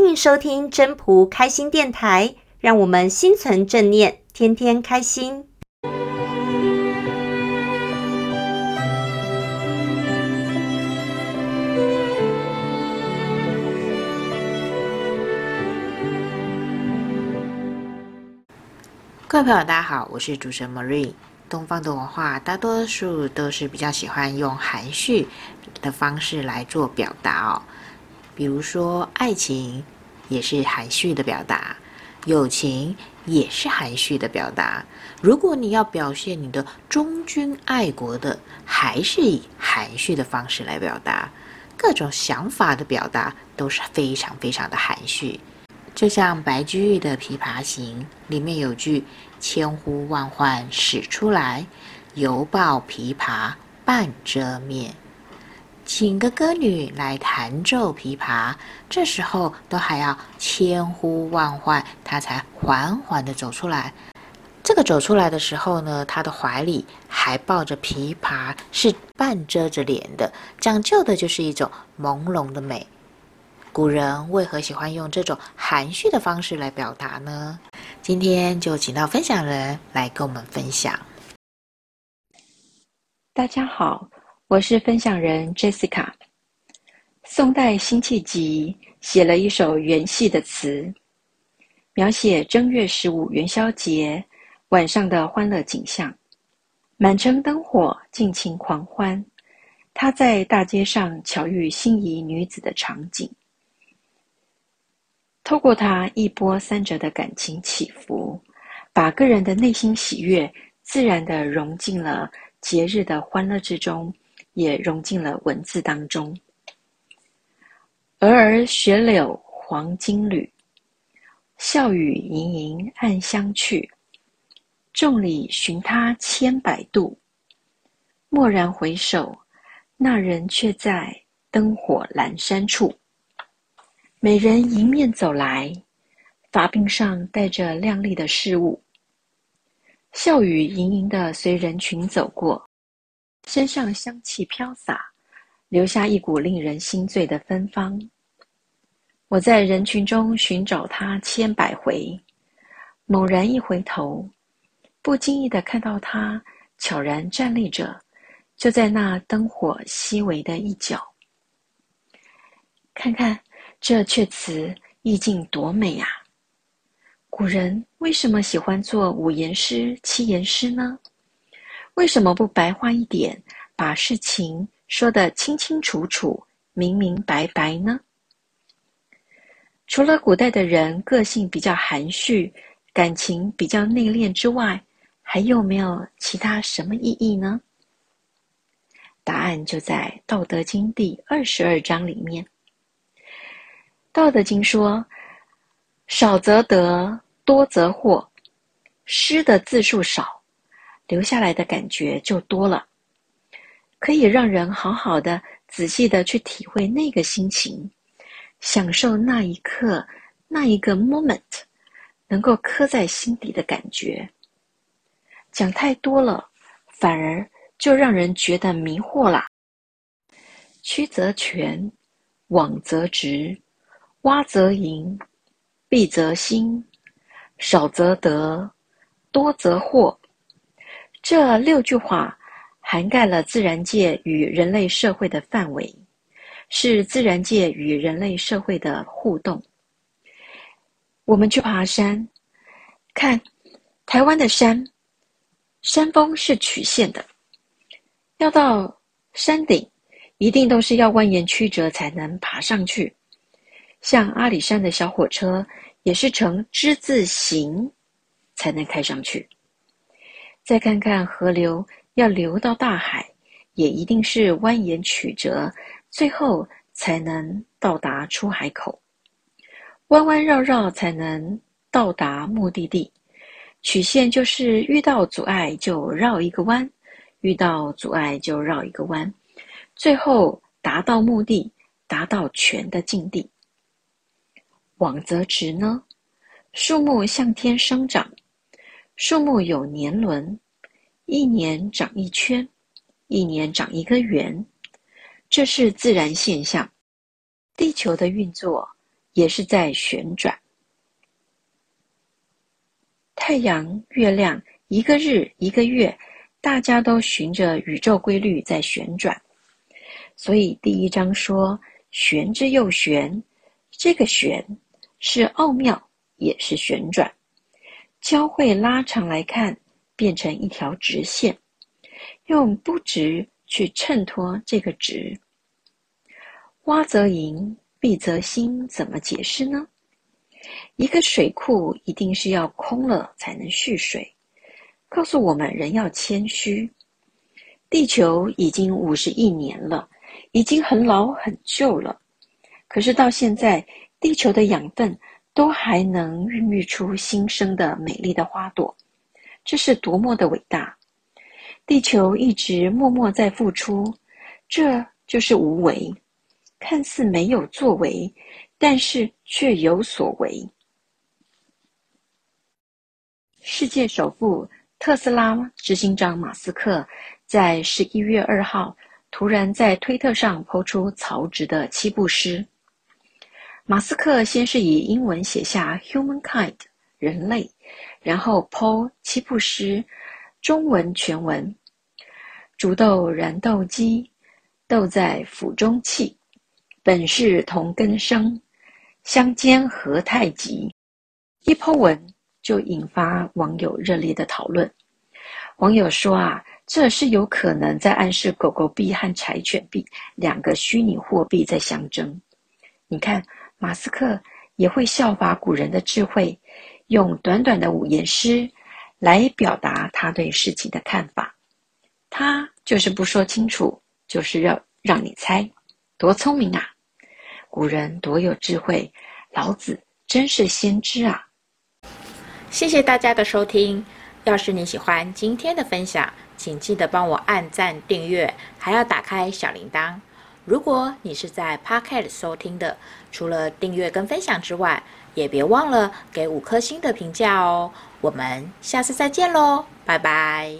歡迎收聽真樸開心電台，讓我們心存正念，天天開心。各位朋友，大家好，我是主持人 Marie。東方的文化大多數都是比較喜歡用含蓄的方式來做表達哦。比如說，愛情也是含蓄的表達，友情也是含蓄的表達。如果你要表現你的忠君愛國的，還是以含蓄的方式來表達。各種想法的表達都是非常非常的含蓄。就像白居易的《琵琶行》裡面有句“千呼萬喚始出來，猶抱琵琶半遮面”。請個歌女來彈奏琵琶，這時候都還要千呼萬喚，她才緩緩地走出來。這個走出來的時候呢，她的懷裡還抱着琵琶，是半遮着臉的，講究的就是一種朦朧的美。古人為何喜歡用這種含蓄的方式來表達呢？今天就請到分享人來跟我們分享。大家好。我是分享人 Jessica。宋代辛棄疾寫了一首元夕的詞，描寫正月十五元宵節晚上的歡樂景象，滿城燈火，盡情狂歡。他在大街上巧遇心儀女子的場景，透過他一波三折的感情起伏，把個人的內心喜悅自然地融進了節日的歡樂之中，也融進了文字當中。鵝兒,兒雪柳黃金縷，笑語盈盈暗香去。眾裡尋他千百度，驀然回首，那人卻在燈火闌珊處。美人迎面走來，髮鬢上帶着亮麗的飾物，笑語盈盈的隨人群走過。身上香氣飄灑，留下一股令人心醉的芬芳。我在人群中尋找他千百回，猛然一回頭，不經意的看到他悄然站立着，就在那燈火稀微的一角。看看這闕詞意境多美啊！古人為什麼喜歡做五言詩、七言詩呢？為什麼不白話一點，把事情說得清清楚楚、明明白白呢？除了古代的人個性比較含蓄、感情比較內斂之外，還有沒有其他什麼意義呢？答案就在《道德經》第二十二章裡面，《道德經》說：“少則得，多則惑失”，詩的字數少。留下來的感覺就多了，可以讓人好好的、仔細的去體會那個心情，享受那一刻、那一個 moment，能夠刻在心底的感覺。講太多了，反而就讓人覺得迷惑了。曲則全，枉則直，窪則盈，敝則新，少則得，多則惑。這六句話涵蓋了自然界與人類社會的範圍，是自然界與人類社會的互動。我們去爬山，看台灣的山，山峰是曲線的，要到山頂，一定都是要蜿蜒曲折才能爬上去。像阿里山的小火車，也是呈之字形，才能開上去。再看看河流要流到大海，也一定是蜿蜒曲折，最後才能到達出海口。彎彎繞繞才能到達目的地。曲線就是遇到阻礙就繞一個彎，遇到阻礙就繞一個彎，最後達到目的，達到全的境地。枉則直呢？樹木向天生長。樹木有年輪，一年長一圈，一年長一個圓，這是自然現象。地球的運作也是在旋轉。太陽、月亮，一個日，一個月，大家都循着宇宙規律在旋轉。所以第一章說“玄之又玄”，這個“玄”是奧妙，也是旋轉。交匯拉長來看，變成一條直線，用不直去襯托這個直。窪則盈，敝則新，怎麼解釋呢？一個水庫一定是要空了才能蓄水，告訴我們人要謙虛。地球已經五十億年了，已經很老很舊了，可是到現在，地球的養分。都還能孕育出新生的美麗的花朵，這是多麼的偉大！地球一直默默在付出，這就是無為，看似沒有作為，但是卻有所為。世界首富特斯拉執行長馬斯克在十一月二號突然在推特上拋出曹植的七步詩。馬斯克先是以英文寫下 “humankind” 人類，然後拋《七步詩》中文全文：“煮豆燃豆萁，豆在釜中泣。本是同根生，相煎何太急。”一剖文就引發網友熱烈的討論。網友說：“啊，這是有可能在暗示狗狗幣和柴犬幣兩個虛擬貨幣在相爭。”你看。馬斯克也會效法古人的智慧，用短短的五言詩來表達他對事情的看法。他就是不說清楚，就是要讓，讓你猜，多聰明啊！古人多有智慧，老子真是先知啊！謝謝大家的收聽。要是你喜歡今天的分享，請記得幫我按贊、訂閱，還要打開小鈴鐺。如果你是在 Podcast 收聽的，除了訂閱跟分享之外，也別忘了給五顆星的評價哦。我們下次再見嘍，拜拜。